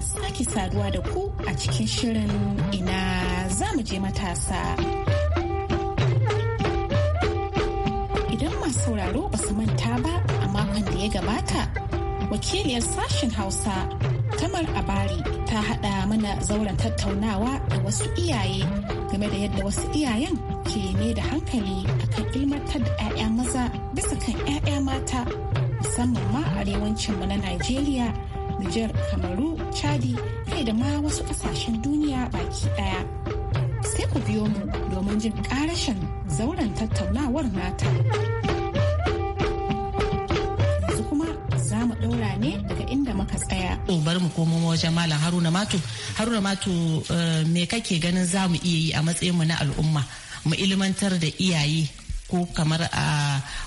da sake saduwa da ku a cikin shirin ina za mu je matasa. Idan masu sauraro ba su manta ba a makon da ya gabata, wakiliyar sashen Hausa Tamar Abari ta haɗa mana zauren tattaunawa da wasu iyaye game da yadda wasu iyayen ke ne da hankali akan ilmantar da 'ya'ya maza bisa kan 'ya'ya mata musamman ma arewancinmu na Najeriya Nijar, Kamaru, Chadi, kai da ma wasu ƙasashen duniya baki ɗaya. Sai ku biyo mu domin jin karashin zauren tattaunawar mata. Yanzu kuma za mu ɗaura ne daga inda muka tsaya. bari mu komo wajen Malam Haruna Mato. Haruna Mato eh, me kake ganin za mu iya yi a matsayin mu na al'umma? mu ilmantar da iyaye ko kamar a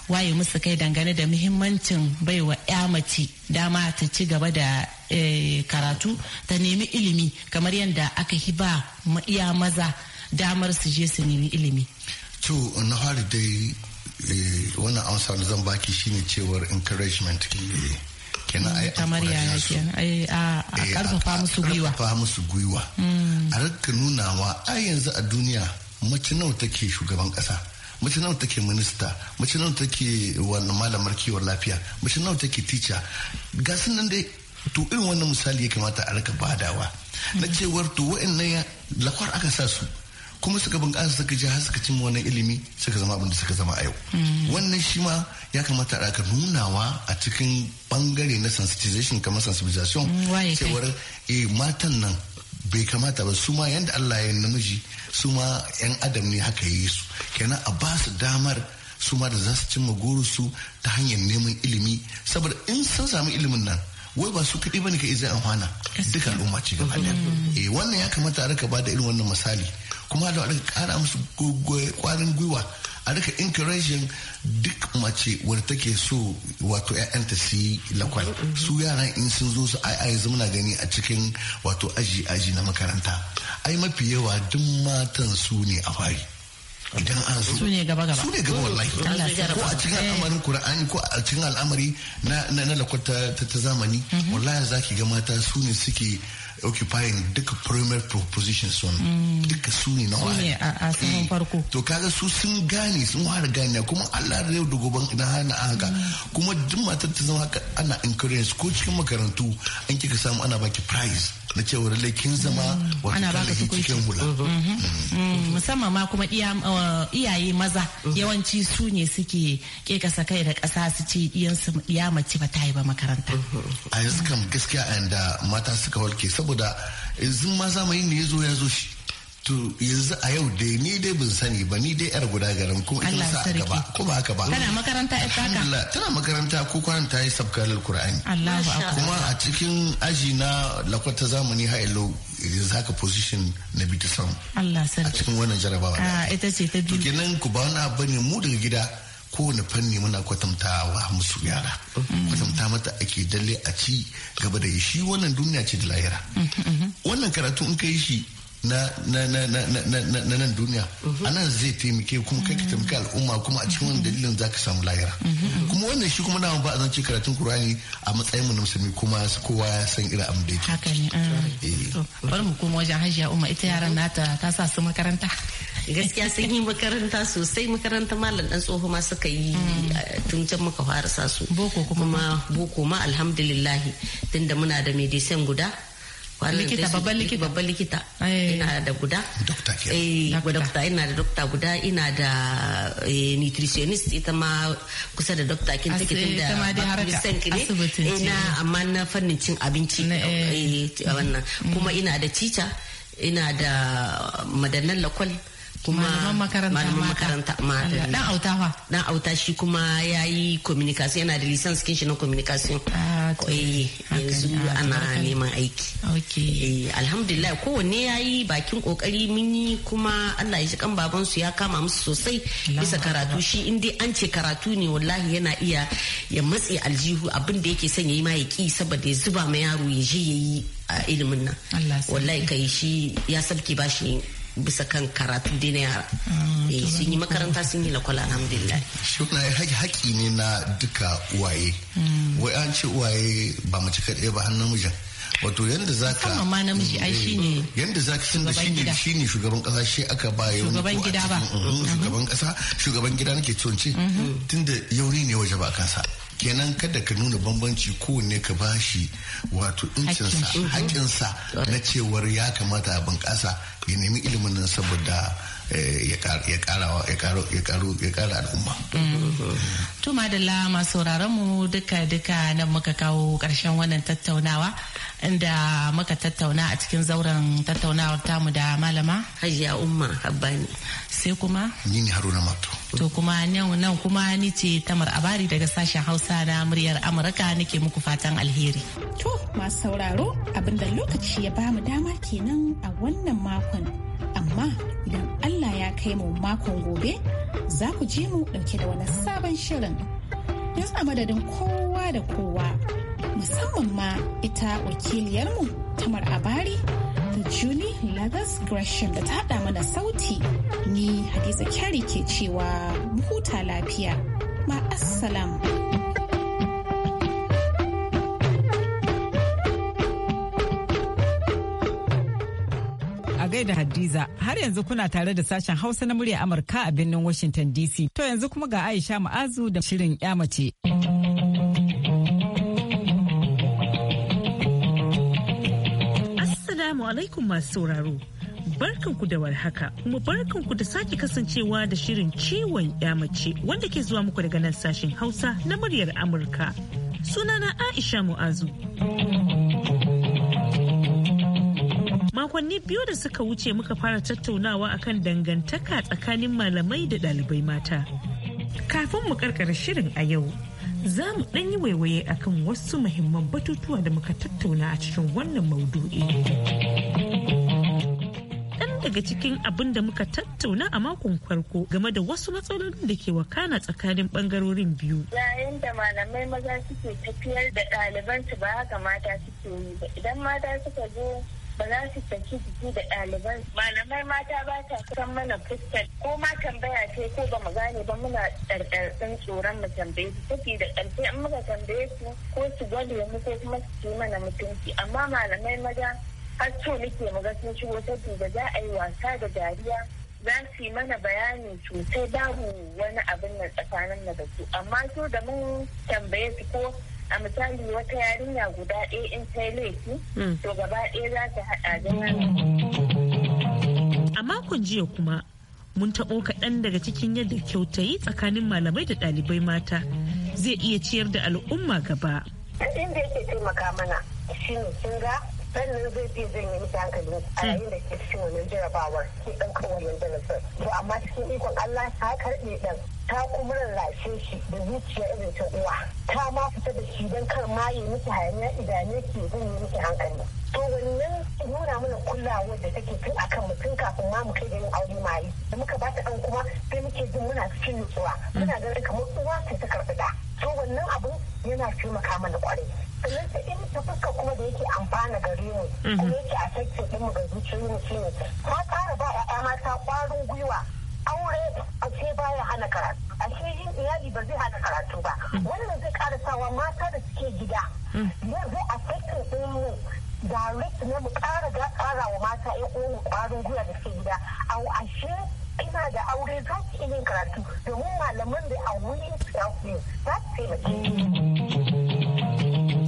waye musu kai dangane da muhimmancin baiwa 'ya mace dama ta ci gaba da eh, karatu ta nemi ilimi kamar yadda aka ba iya maza damar su je su nemi ilimi to na fari dai eh, wannan amsa da zan baki shine cewar encouragement kenan ai kamar yaya a musu gwiwa karfafa musu gwiwa hmm. a nunawa a yanzu a duniya mace nawa take shugaban kasa mace nawa take minista mace nawa take wani malamar kiwon lafiya mace nawa take teacher ga nan dai to irin wannan misali ya kamata a rika badawa na cewar to wa'annan lakwar aka sa su kuma suka bunƙasa suka ji har suka cin wani ilimi suka zama abin suka zama a yau wannan shi ma ya kamata a nunawa a cikin bangare na sensitization kamar sensibilization mm, cewar eh matan nan bai kamata ba su ma yanda Allah ya namiji su ma yan adam ne haka yi su kenan a ba su damar su ma da za su cimma su ta hanyar neman ilimi saboda in sun samu ilimin nan wai ba su ba ne ka izai amfana duka al'umma ce gaba ɗaya mm. eh, wannan ya kamata a raka ba da irin wannan misali kuma da wani kara musu kwarin gwiwa a rika encouraging duk mace wadda take so wato 'ya'yanta su yi lakwal su yaran in sun zo su ai ai muna gani a cikin wato aji aji na makaranta ai mafi yawa duk matan su ne a fari idan an su ne gaba gaba su ne gaba wallahi ko a cikin al'amarin qur'ani ko a cikin al'amari na na lakwata ta zamani mhm. wallahi zaki ga mata su ne suke occupying duka primary propositions wani mm. duka su ne na wani a saman farko to kaga su sun gane sun wahala gane kuma Allah da yau da goban na hana haka mm. kuma duk matar ta zama haka ana encourage ko cikin makarantu an kika samu ana baki prize na cewa lallai kin zama mm. wato kallon cikin hula mm-hmm. Mm-hmm. Mm-hmm. musamman ma kuma uh, iyaye maza yawanci su ne suke ke kasa kai da kasa su ce iyansu ya mace ba ta yi ba makaranta a yanzu kam gaskiya a yanda mata suka walke saboda yanzu ma zamani ne ya zo ya zo shi to yanzu a yau dai ni dai ban sani ba ni dai yar guda garin ko ita sa a gaba ko ba haka ba tana makaranta ita haka tana makaranta ko kwanan ta yi sabkar alqur'ani Allahu akbar kuma a cikin aji na lakwata zamani ha ilo yanzu haka position na bi ta samu Allah sarki a cikin wannan jarabawa ah, a ita ce ta biyu to ku ba wani abu ne mu daga gida kowane fanni muna kwatantawa musu yara mm-hmm. kwatanta mata ake dalle a ci gaba da shi wannan duniya ce da lahira mm-hmm, mm-hmm. wannan karatu in kai shi na nan duniya a nan zai taimake kuma kai ka taimake al'umma kuma a cikin wani dalilin za ka samu lahira kuma wannan shi kuma dama ba a zance karatun kurani a matsayin mu na musulmi kuma kowa ya san irin abin da yake haka ne ah. eh. bari mu koma wajen hajiya umma ita yaran nata ta sa su makaranta gaskiya sun yi makaranta sosai makaranta malam dan tsoho ma suka yi mm. tun can muka fara sa su boko kuma boko ma alhamdulillahi tunda muna da medicine guda likita babban likita babban eh. likita ina da guda dokta eh dokta ina da dokta guda ina da eh, nutritionist ita ma kusa da dokta kin take tun da medicine ne ina eh, amma na fannin cin abinci eh wannan kuma mm. ina da teacher ina da madannan lakwal kuma malaman makaranta ma dan auta fa dan auta shi kuma yayi communication yana da license kin shi na communication eh yanzu ana neman aiki okay eh alhamdulillah kowanne yayi bakin kokari mun yi kuma Allah ya ji kan baban su ya kama musu sosai bisa karatu shi in dai an ce karatu ne wallahi yana iya ya matse aljihu abin da yake son yayi ma ya ki saboda ya zuba ma yaro ya je yayi a ilimin nan wallahi kai shi ya sabki bashi bisa kan karatun dina yara ah, eh, sun yi makaranta sun yi lakwal alhamdulillah Shukla ya haƙi ne na duka uwaye hmm. wai an ce uwaye ba mace kaɗai ba har namijin wato yadda za ka musamman namiji ai shi ne hmm. yadda za ka tunda shi ne shi ne shugaban kasa shi aka ba yau shugaban gida ba hmm, uh-huh. shugaban kasa shugaban gida nake tun uh-huh. tunda yauri ne waje ba kansa kenan kada ka nuna bambanci kowanne ka bashi wato incinsa hakinsa mhm. na cewar ya kamata a bunƙasa ya nemi ilimin nan saboda eh, ya kara al'umma. Mm. To madalla masu mu duka duka nan muka kawo ƙarshen wannan tattaunawa inda muka tattauna a cikin zauren tattaunawar tamu da malama. Hajiya Umma Habbani. Sai kuma? Ni ne Haruna Mato. to kuma nan kuma ni ce tamar abari daga sashen hausa na muryar amurka nake muku fatan alheri to masu sauraro abinda lokaci ya bamu dama kenan a wannan makon amma idan allah ya kai mu makon gobe za ku je mu dauke da wani sabon shirin yanzu a madadin kowa da kowa musamman ma ita wakiliyarmu tamar abari juni Lagos Gresham da ta haɗa mana sauti ni Hadiza Kyari ke cewa huta lafiya. Ma'assalam. A gaida Hadiza har yanzu kuna tare da sashen Hausa na murya Amurka a birnin Washington DC. To yanzu kuma ga Aisha Ma'azu da shirin 'ya mace. Assalamu alaikum masu sauraro. Barkanku da warhaka kuma barkanku da sake kasancewa da shirin ciwon mace wanda ke zuwa muku daga nan sashen Hausa na muryar Amurka. Sunana Aisha Mu'azu. Makonni biyu da suka wuce muka fara tattaunawa akan dangantaka tsakanin malamai da ɗalibai mata. Kafin mu karkara shirin a yau, za mu ɗan yi waiwaye a kan wasu muhimman batutuwa da muka tattauna a cikin wannan maudu'i. daga cikin abin da muka tattauna a makon farko game da wasu matsalolin da ke wakana tsakanin ɓangarorin biyu. Yayin da malamai maza suke tafiyar da ɗalibansu ba haka mata suke yi ba. Idan mata suka zo ba za su saki jiki da ɗaliban malamai mata ba ta san mana fuskar ko ma tambaya ce ko ba mu gane ba muna ɗarɗarɗin tsoron mu tambaye su take da ƙarfi an muka tambaye su ko su gwale mu ko kuma su ci mana mutunci amma malamai maza har so nake mu ga sun shigo saboda za a yi wasa da dariya za su yi mana bayani sosai babu wani abin na tsakanin na da su amma so da mun tambaye su ko a misali wata yarinya guda ɗaya in ta laifi hmm. to gaba ɗaya za ta haɗa da A makon jiya kuma mun taɓo kaɗan daga cikin yadda kyautayi tsakanin malamai da ɗalibai mata zai iya ciyar da al'umma gaba. Ɗan da yake taimaka mana shi ne sun ga sannan zai fi zan yi mutu hankali a yayin da ke cikin wannan jarabawar ke ɗan kawai wannan darasin. To amma cikin ikon Allah ta karɓe ɗan ta kuma rarrashe shi da zuciya irin ta uwa ta ma fita da shi don kar ma yi miki hayaniya ne ke zan yi miki hankali to wannan nuna mana kulawar da take tun akan mutum kafin ma mu kai da yin aure yi. da muka ba ta an kuma sai muke jin muna cikin nutsuwa muna ganin kamar uwa ce ta karɓi da to wannan abun yana taimaka mana kwarai sannan ta in ta fuska kuma da yake amfana gare mu kuma mhm. yake a ɗin mu ga zuciyoyin mu shine ta ƙara ba 'ya'ya mata ƙwarin gwiwa aure ke baya hana karatu ashe yin iyali ba zai hana karatu ba wannan zai karasawa mata da suke gida ne mm. zai affecting din mu direct ne mu kara ga kara wa mata ya ƙoƙo ƙwarin gwiwa da suke gida a ashe ina da aure za ki yin karatu domin malaman da a wuri za su yi za su taimake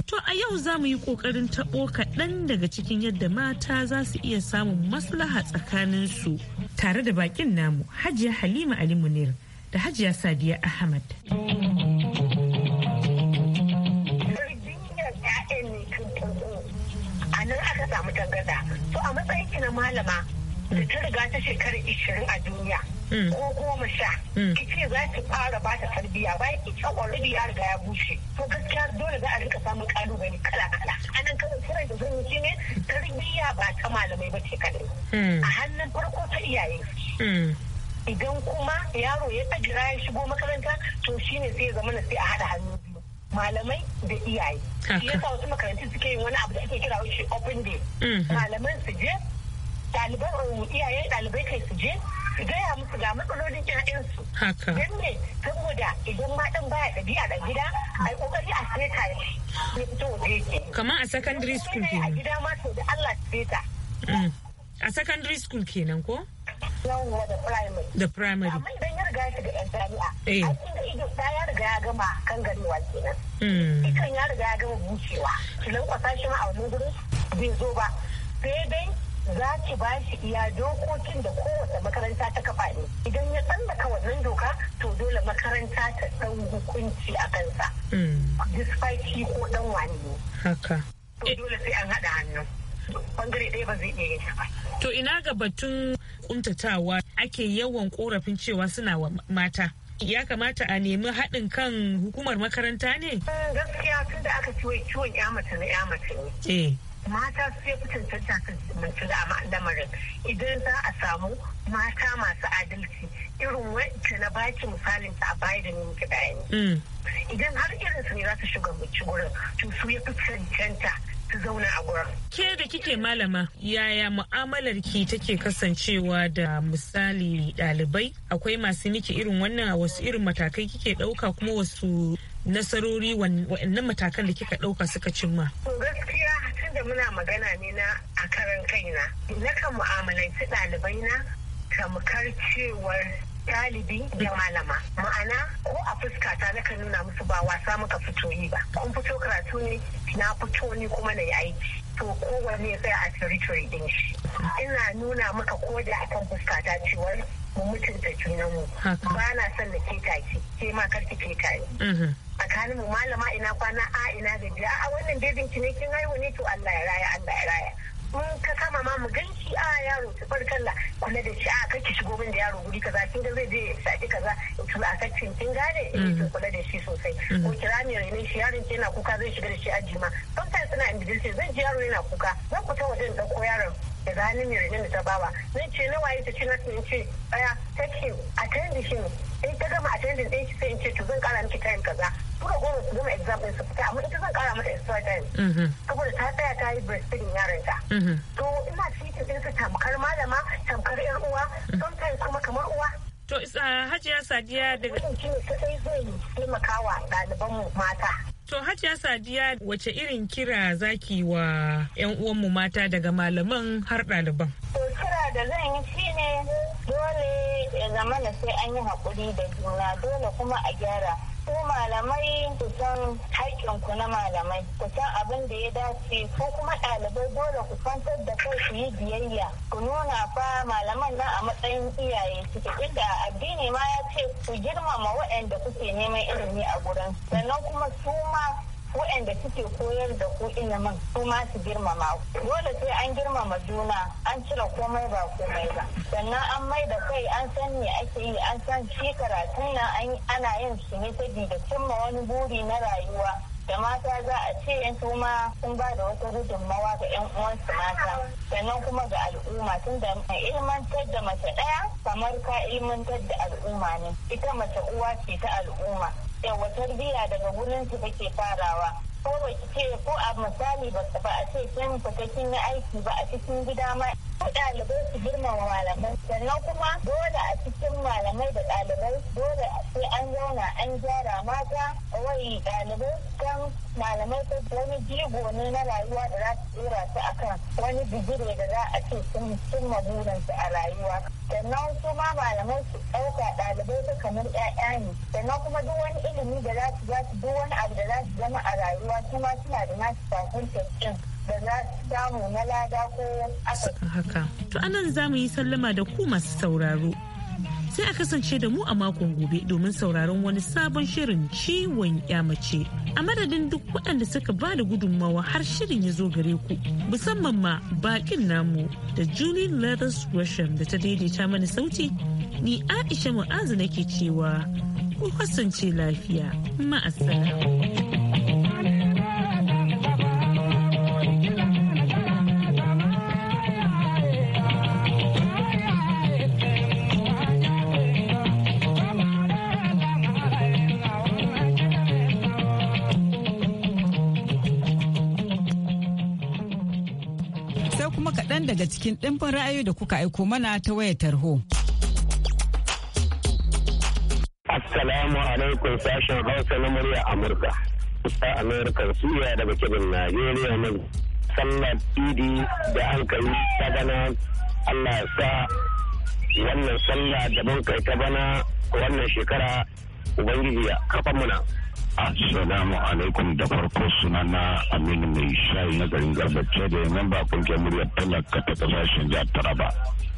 To a yau za mu yi ƙoƙarin taɓo kaɗan daga cikin yadda mata za su iya samun maslaha tsakaninsu. su. tare da bakin namu Hajiya Halima Ali Munir da Hajiya Sadiya Ahmad. A nan aka samu tangarda, to a matsayin kina malama da ta riga ta shekaru 20 a duniya. Mm. ko goma sha mm. ki ce za ki fara ba ta tarbiya ba ki ta already ya riga ya bushe to gaskiya dole za a rika samun kalubale kala kala anan kan kiran da zan yi shine tarbiyya ba ta malamai ba ce kadai mm. a hannun farko ta iyaye idan kuma yaro ya tsagira ya shigo makaranta to shine sai ya zama na sai a haɗa hannu biyu malamai da iyaye shi yasa wasu makarantun suke yin wani abu da ake kira shi open day mm-hmm. malaman su je ɗaliban um, iyaye ɗalibai kai su je gaya musu ga matsalolin ƴaƴansu. Haka. Don me saboda idan ma ɗan baya ɗabi'a da gida a yi ƙoƙari a seta ya fito waje yake. Kamar a secondary school kenan. A gida ma to da Allah seta. Mm. A secondary school kenan ko? Yawwa da primary. Da primary. Amma idan ya riga ya shiga ƴan jami'a. Eh. Aikin da ido ta ya riga ya gama kan ganewa kenan. Mm. Ikan ya riga ya gama bushewa. Ki lankwasa shi ma a wani gurin bai zo ba. Sai dai za ki ba shi iya dokokin da kowace makaranta ta kafa ne idan ya tsallaka wannan doka to dole makaranta ta san hukunci a kansa mm. despite shi ko ɗan wani ne haka to dole sai an haɗa hannu bangare ɗaya ba zai iya yin ba to ina ga batun kuntatawa ake yawan korafin cewa suna wa mata ya kamata a nemi haɗin kan hukumar makaranta ne? Mm, gaskiya tun da aka ciwon ciwon ya mace na ya mace ne eh. mata su ya fi cancanta da lamarin idan za a samu mata masu adalci irin wacce na baki misalin ta bayar da miki bayani mm. idan har irin su ne za su shugabanci gurin to su ya fi cancanta su zauna a gurin. Ke da kike malama yaya mu'amalar ki take kasancewa da misali ɗalibai akwai masu miki irin wannan a wasu irin matakai kike ɗauka kuma wasu nasarori wannan matakan da kika ɗauka suka cimma. Gaskiya da muna magana ne na a karan kaina kan mu'amalanci ɗalibai na kamkar cewar ɗalibi da malama ma'ana ko a fuskata na kan nuna musu ba wasa muka fito yi ba kun fito karatu ne na fito ni kuma na yi aiki to ya tsaya a territory din shi ina nuna maka ko da akan fuskata cewar mu mutunta junanmu ba na son na ke kaki ke ma kar ki ke kaki mhm. tsakanin mu malama ina kwana a ina gajiya a wannan bebin ki ne kin haihu ne to Allah ya raya Allah ya raya mun ka kama ma mu ganki a yaro ta barkalla kula da shi a kake shigo min da yaro guri kaza kin ga zai je ya saki kaza to a kacin kin gane eh mhm. to kula da shi sosai mhm. ko kira ni raini shi yaron ke yana kuka zai shiga da shi aji ma sometimes suna individual zan ji yaro yana kuka zan ku ta wajen dauko yaron da ranar ne da ta bawa ni ce nawa ya ce na in ce daya take attending shi ne in ta gama attending din shi sai in ce to zan kara miki time kaza duka goma su gama exam din su fita amma ita zan kara mata extra time mm-hmm. saboda ta tsaya ta yi breastfeeding yaron ta mm-hmm. to ina cikin din su tamkar malama tamkar yar uwa mm-hmm. sometimes kuma kamar uwa to uh, hajiya sadiya daga shi ne sai zai taimakawa ɗaliban mata To Hajiya Sadiya wace irin kira zaki wa 'yan uwanmu mata daga malaman har ɗaliban? To kira da zan yi shine dole ya zama sai an yi haƙuri da juna dole kuma a gyara malamai ku san ku na malamai ku san abin da ya dace ko kuma ɗalibai dole ku kwantar da kai su yi biyayya ku nuna fa malaman nan a matsayin iyaye suke inda addini ma ya ce ku girmama waɗanda kuke neman ilimi a gurin sannan kuma su ma waɗanda suke koyar da ku ilimin su ma su girmama ku dole sai an girmama juna an cire komai ba komai ba sannan an mai da kai an san me ake yi an san shi karatun nan ana yin shi ne saboda cimma wani buri na rayuwa da mata za a ce yan ma sun ba da wata gudunmawa ga yan uwansu mata sannan kuma ga al'umma tun da ilmantar da mace ɗaya kamar ka ilmantar da al'umma ne ita mace uwa ce ta al'umma yawa tarbiyya daga wurin su take farawa ko ba ki ce ko a misali ba a ce kin fita kin yi aiki ba a cikin gida ma ko dalibai su girmama malamai sannan kuma dole a cikin malamai da dalibai dole sai an zauna an gyara mata wai dalibai kan malamai ta wani jigo ne na rayuwa da za su tsira su akan wani bigire da za a ce sun cimma burinsu a rayuwa. sannan su ma malaman su ɗauka ɗalibai su kamar ƴaƴa ne sannan kuma duk wani ilimi da za su za su duk wani abu da za su zama a rayuwa su ma suna da nasu fahimtar ɗin da za su samu na lada ko aka. Haka, to anan za mu yi sallama da ku masu sauraro. sai a kasance da mu a makon gobe domin sauraron wani sabon shirin ciwon mace a madadin duk waɗanda suka ba da gudunmawa har shirin ya zo gare ku musamman ma bakin namu da julie leathers gresham da ta daidaita mana sauti ni aisha mu'azu nake cewa ku kasance lafiya ma'asala. cikin ɗimbin ra'ayoyi da kuka aiko mana ta wayar tarho. Assalamu alaikum sashen Hausa na murya Amurka. Kusa amurka suya daga kebin Najeriya na sallar idi da an kai ta bana Allah sa wannan sallah da mun kai ta bana wannan shekara Ubangiji ya kafa muna. Assalamu alaikum da farko suna na Aminu mai shayi na garin garbace da memba kungiyar muryar talaka ta kasashen jihar Taraba.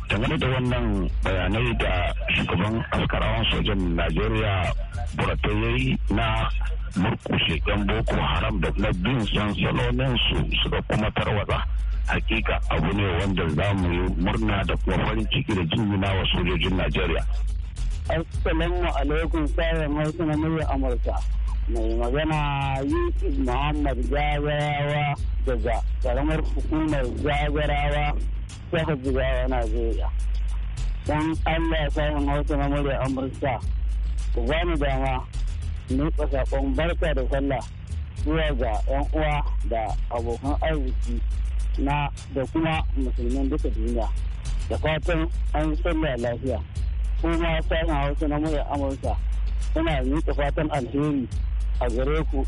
Tangane da wannan bayanai da shugaban askarawan sojan Najeriya burata ya yi na murkushe 'yan Boko Haram da na bin salonin su suka kuma tarwatsa. Hakika abu ne wanda za mu yi murna da kuma farin ciki da jinjina wa sojojin Najeriya. Assalamu alaikum sayan mai na muryar Amurka. mai magana yusuf muhammad gagarawa daga karamar hukumar gagarawa jihar jigawa najeriya don allah ya samun wata na murya amurka ku ba ni dama nuka sakon barka da sallah zuwa ga yan uwa da abokan arziki na da kuma musulmin duka duniya da fatan an sallah lafiya kuma samun na murya amurka suna miƙa fatan alheri a gare ku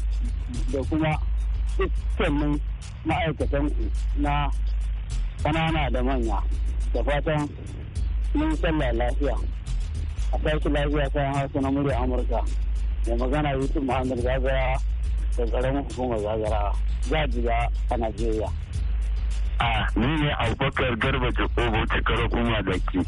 da kuma dukkanin ma'aikatanku na ƙanana da manya da fatan mun sallah lafiya a tashi lafiya kayan hausa na murya amurka da magana yi tun muhammad gagara da ƙaramin hukumar gagara jajiga a najeriya a ni ne abubakar garba jakobo cikar kuma da ke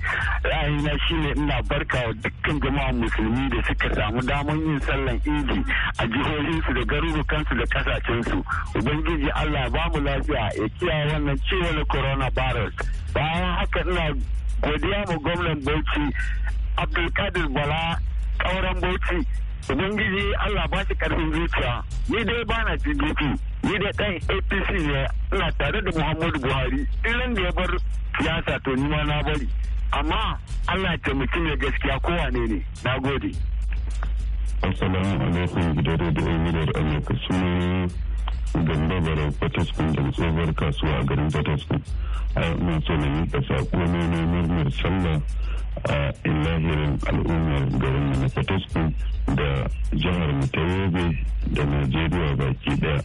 ra'ayina shine ina barka wa dukkan jama'a musulmi da suka samu damar yin sallan idi a jihohinsu da garurukansu da kasashensu ubangiji allah ba mu lafiya ya kiyaye wannan ciwo na coronavirus bayan haka ina godiya ma gwamnan bauchi abdulkadir bala kauran bauchi ubangiji allah ba shi karfin zuciya ni dai bana pdp ni da kan apc ne ina tare da muhammadu buhari irin da ya bar siyasa to ni ma na bari amma allah ce mutum ya gaskiya kowane ne na gode assalamu alaikum da da miliyar amurka suna gamba bara fataskun da tsohuwar kasuwa a garin fataskun a yi so na miƙa saƙo ne na murnar sallah a ilahirin al'ummar garin na fataskun da jihar mu da najeriya baki daya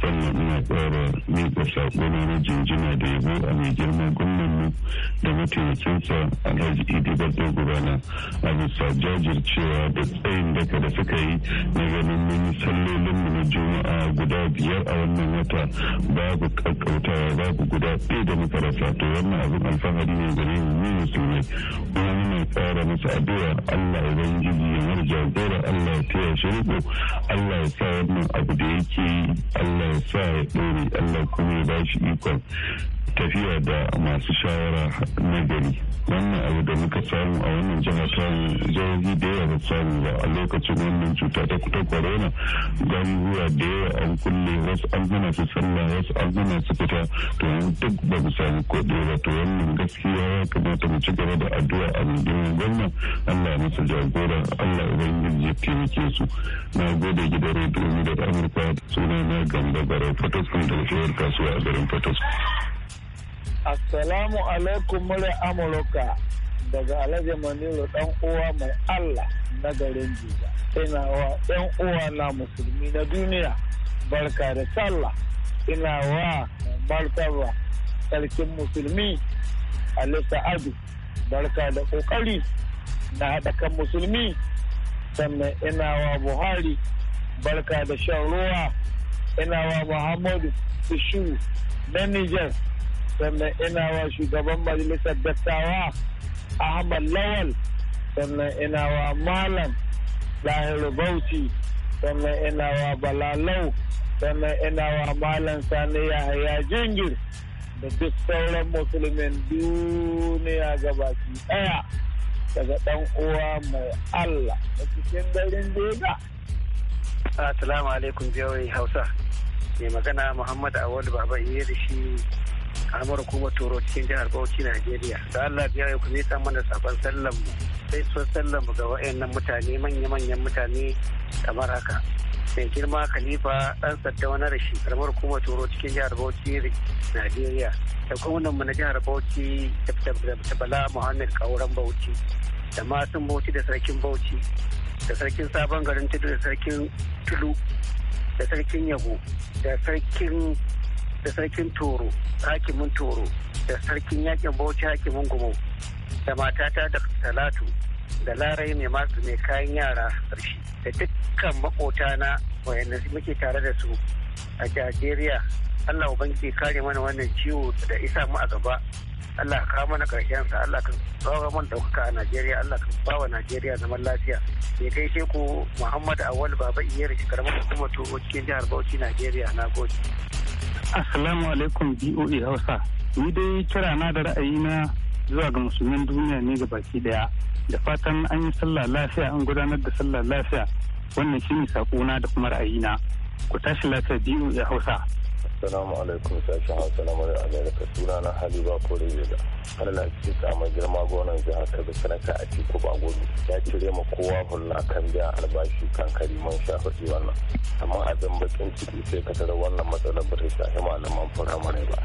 sannan ina ne ga saƙo na jinjina da yabo a mai girman mu da mataimakinsa alhaji idi bardo gurana a bisa jajircewa da tsayin daka da suka yi na ganin mun yi mu na juma'a guda biyar a wannan wata babu kakkautawa babu guda ɗaya da muka rasa to wannan abin alfahari ne gare mu mu musulmai kuma muna ƙara masa addu'a Allah ubangiji ya marja gora Allah ya taya shi Allah ya sa wannan abu da yake Allah Allah sa ya ɗore Allah kuma ya ba shi ikon tafiya da masu shawara na gari wannan abu da muka samu a wannan jihar ta jihohi da yawa samu ba a lokacin wannan cuta ta kuta corona garuruwa da yawa an kulle wasu alguna su sallah wasu alguna su fita to duk ba mu samu kuɗi ba to wannan gaskiya ya kamata mu ci gaba da addu'a a mai gwamna Allah masa jagora Allah ubangiji ya taimake su na gode gidan rediyo da Amurka suna na gamba bara kan daga shawar kasuwa a garin Fataskun. Assalamu alaikum murya Amurka daga Alhaji Manilo ɗan uwa mai Allah na garin jiga Ina wa ɗan uwa na musulmi na duniya barka da sallah. Ina wa martaba sarkin musulmi Ali Sa'adu barka da ƙoƙari na haɗa musulmi sannan ina wa Buhari barka da shan ruwa ina wa Muhammadu Ishu na Nijar sannan ina wa shugaban majalisar dattawa ahmad lawal sannan ina wa malam lahiru bauchi sannan ina wa balalau sannan ina wa malam sani yahaya jingir da duk sauran musulmin duniya gabaki daya daga dan uwa mai allah da cikin garin jeda assalamu alaikum jawai hausa mai magana muhammad awal baba iya da shi al'amuran kuma turo cikin jihar bauchi najeriya da allah biya ya kuma ya mana sabon sallan mu sai so sallan mu ga wa'annan mutane manya-manyan mutane kamar haka mai girma khalifa dan sadda wani rashi karamar kuma turo cikin jihar bauchi najeriya da gwamnan mu na jihar bauchi da bala muhammad kauran bauchi da matan bauchi da sarkin bauchi da sarkin sabon garin tudu da sarkin tulu da sarkin yabo da sarkin da sarkin toro hakimin toro da sarkin yakin bauchi hakimin gumo da matata da talatu da larai mai masu mai kayan yara ƙarshe da dukkan makota na wayanda muke tare da su a jajeriya Allah ubangiji kare mana wannan ciwo da isa mu a gaba Allah ka mana karshen sa Allah ka bawa mana daukaka a Najeriya Allah ka bawa Najeriya zaman lafiya kai gaishe ku Muhammad Awal Baba shi karamar hukumar toro cikin jihar Bauchi Najeriya na gode Assalamu alaikum BOA Hausa. Ni dai kira na da na zuwa ga musulmin duniya ne ga baki daya. Da fatan an yi sallah lafiya an gudanar da sallah lafiya. Wannan shi ne na da kuma ra'ayi na Ku tashi lafiya BOA Hausa. Assalamu alaikum sashen Hausa na Murya Amerika suna na Haliba Korejeda. Wani na cikin mai girma gonan jihar Kebbi sanata a Tiku gobe ya cire ma kowa hulla kan biyan albashi kan kariman shafi wannan. Amma a zan bakin ciki sai ka tara wannan matsalar ba ta shafi malaman firamare ba.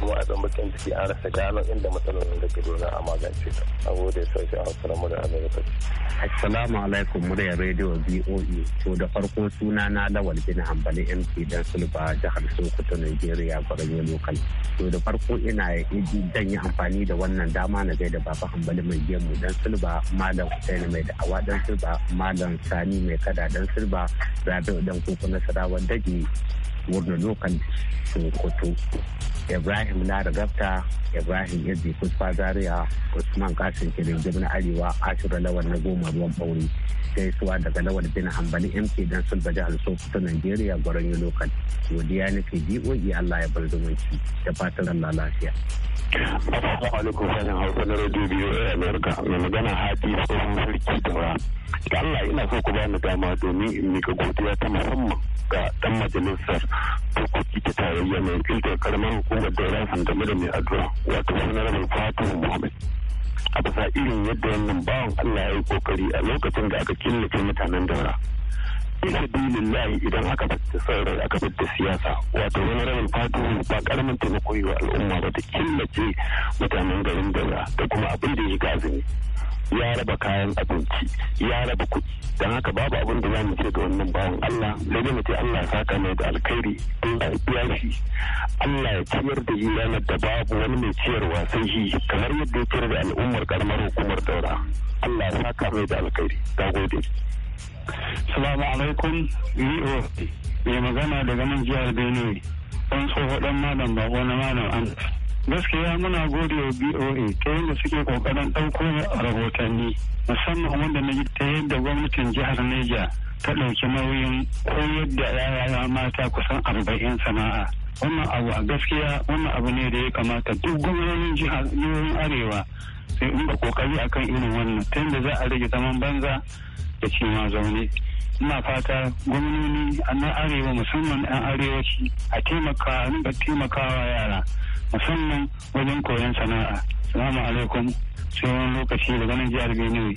Kuma a zan bakin ciki an rasa gano inda matsalar da ke dona a magance ta. A gode sashen Hausa na Murya Amerika. Assalamu alaikum Murya Radio BOE. To da farko suna na Lawal bin Hambali MP dan Sulba jihar Sokoto. ta Nigeria kwaron local. To da farko ina zan yi amfani da wannan dama na gaida baba hambali mai gemu dan silba malam Hussein mai da'awa dan silba malam Sani mai kada dan silba Rabi'u dan koko sarawa daji wurin lokal Sokoto. Ibrahim Lara Gafta, Ibrahim Irbi Kusfa Zaria, Usman Kasim Kirin Jibin Arewa, ashirin Lawan na goma ruwan Bauri. gaisuwa daga lawal bin hambali mk dan sulba jihar sokoto nigeria gwaron yi lokal godiya nake boe allah ya bar zumunci da fatan allah lafiya assalamu alaikum sanin hausa na radio biyu america mai magana hadi tsohon sarki daura da allah ina so ku bani dama domin in mika godiya ta musamman ga dan majalisar dokoki ta tarayya mai kiltar karamar hukumar daura sun game da mai addu'a wato sunan rabar fatu muhammad a bisa irin yadda wannan bawan Allah ya yi kokari a lokacin da aka killace mutanen daura. bisa dalilin layi idan aka fita sauran aka fita siyasa wato wani rabin fatu ba karamin taimako yi wa al'umma ba ta killace mutanen garin daura da kuma abin da ya gazi ne. ya raba kayan abinci ya raba kuɗi don haka babu abin da za mu ce ga wannan bawan Allah sai dai mu ce Allah ya saka mai da alkhairi Allah ya biya shi Allah ya ciyar da yi ranar da babu wani mai ciyarwa sai shi kamar yadda ya ciyar da al'ummar karamar hukumar daura Allah ya saka mai da alkhairi ta gode Salamu alaikum VOA mai magana daga nan jihar Benue ɗan tsoho ɗan malam ba wani malam an gaskiya muna gode wa boa ta yadda suke kokarin ɗauko rahotanni musamman wanda na yi ta yadda gwamnatin jihar neja ta ɗauki nauyin koyar da yaya mata kusan arba'in sana'a wannan abu a gaskiya wannan abu ne da ya kamata duk gwamnonin jihar arewa sai in ba kokari akan irin wannan ta yadda za a rage zaman banza da cewa zaune ina fata gwamnoni na arewa musamman 'yan arewaci a taimaka a taimakawa yara musamman wajen koyon sana'a salamu alaikum sai wani lokaci da ganin jihar benue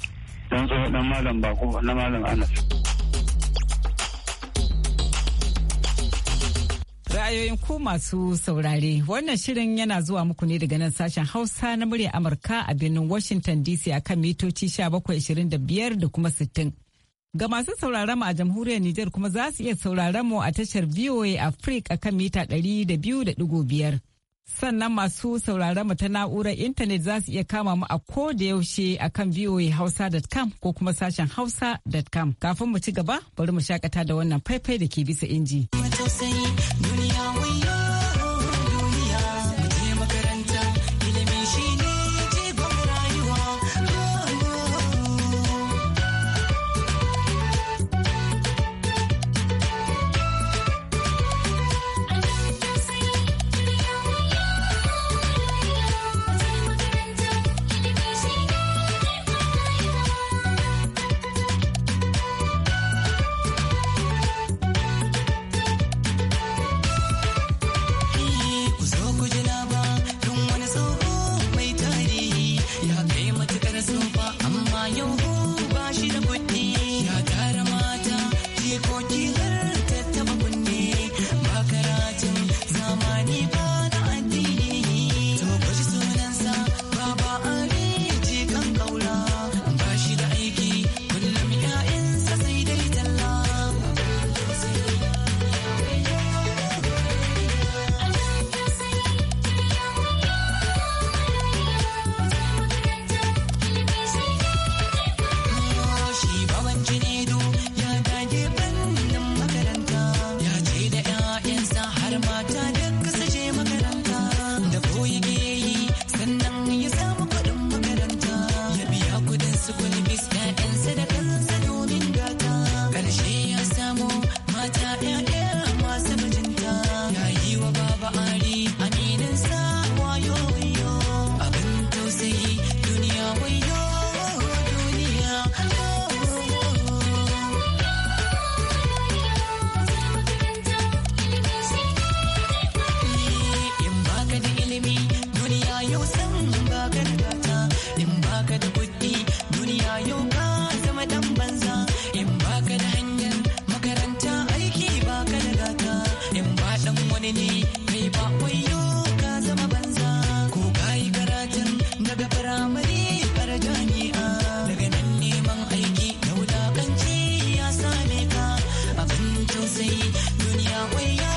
don tsohon dan malam bako na malam anas ra'ayoyin ku masu saurare wannan shirin yana zuwa muku ne daga nan sashen hausa na murya amurka a birnin washington dc akan mitoci 1725 da kuma sittin ga masu sauraron mu a jamhuriyar nijar kuma za su iya sauraron mu a tashar voa africa akan mita 200.5 Sannan masu sauraron mu ta na'urar intanet za su iya kama mu a ko da yaushe a kan voahausa.com ko kuma sashen hausa.com. Kafin mu ci gaba, bari mu shakata da wannan faifai da ke bisa inji. duniya tausayi duniya wai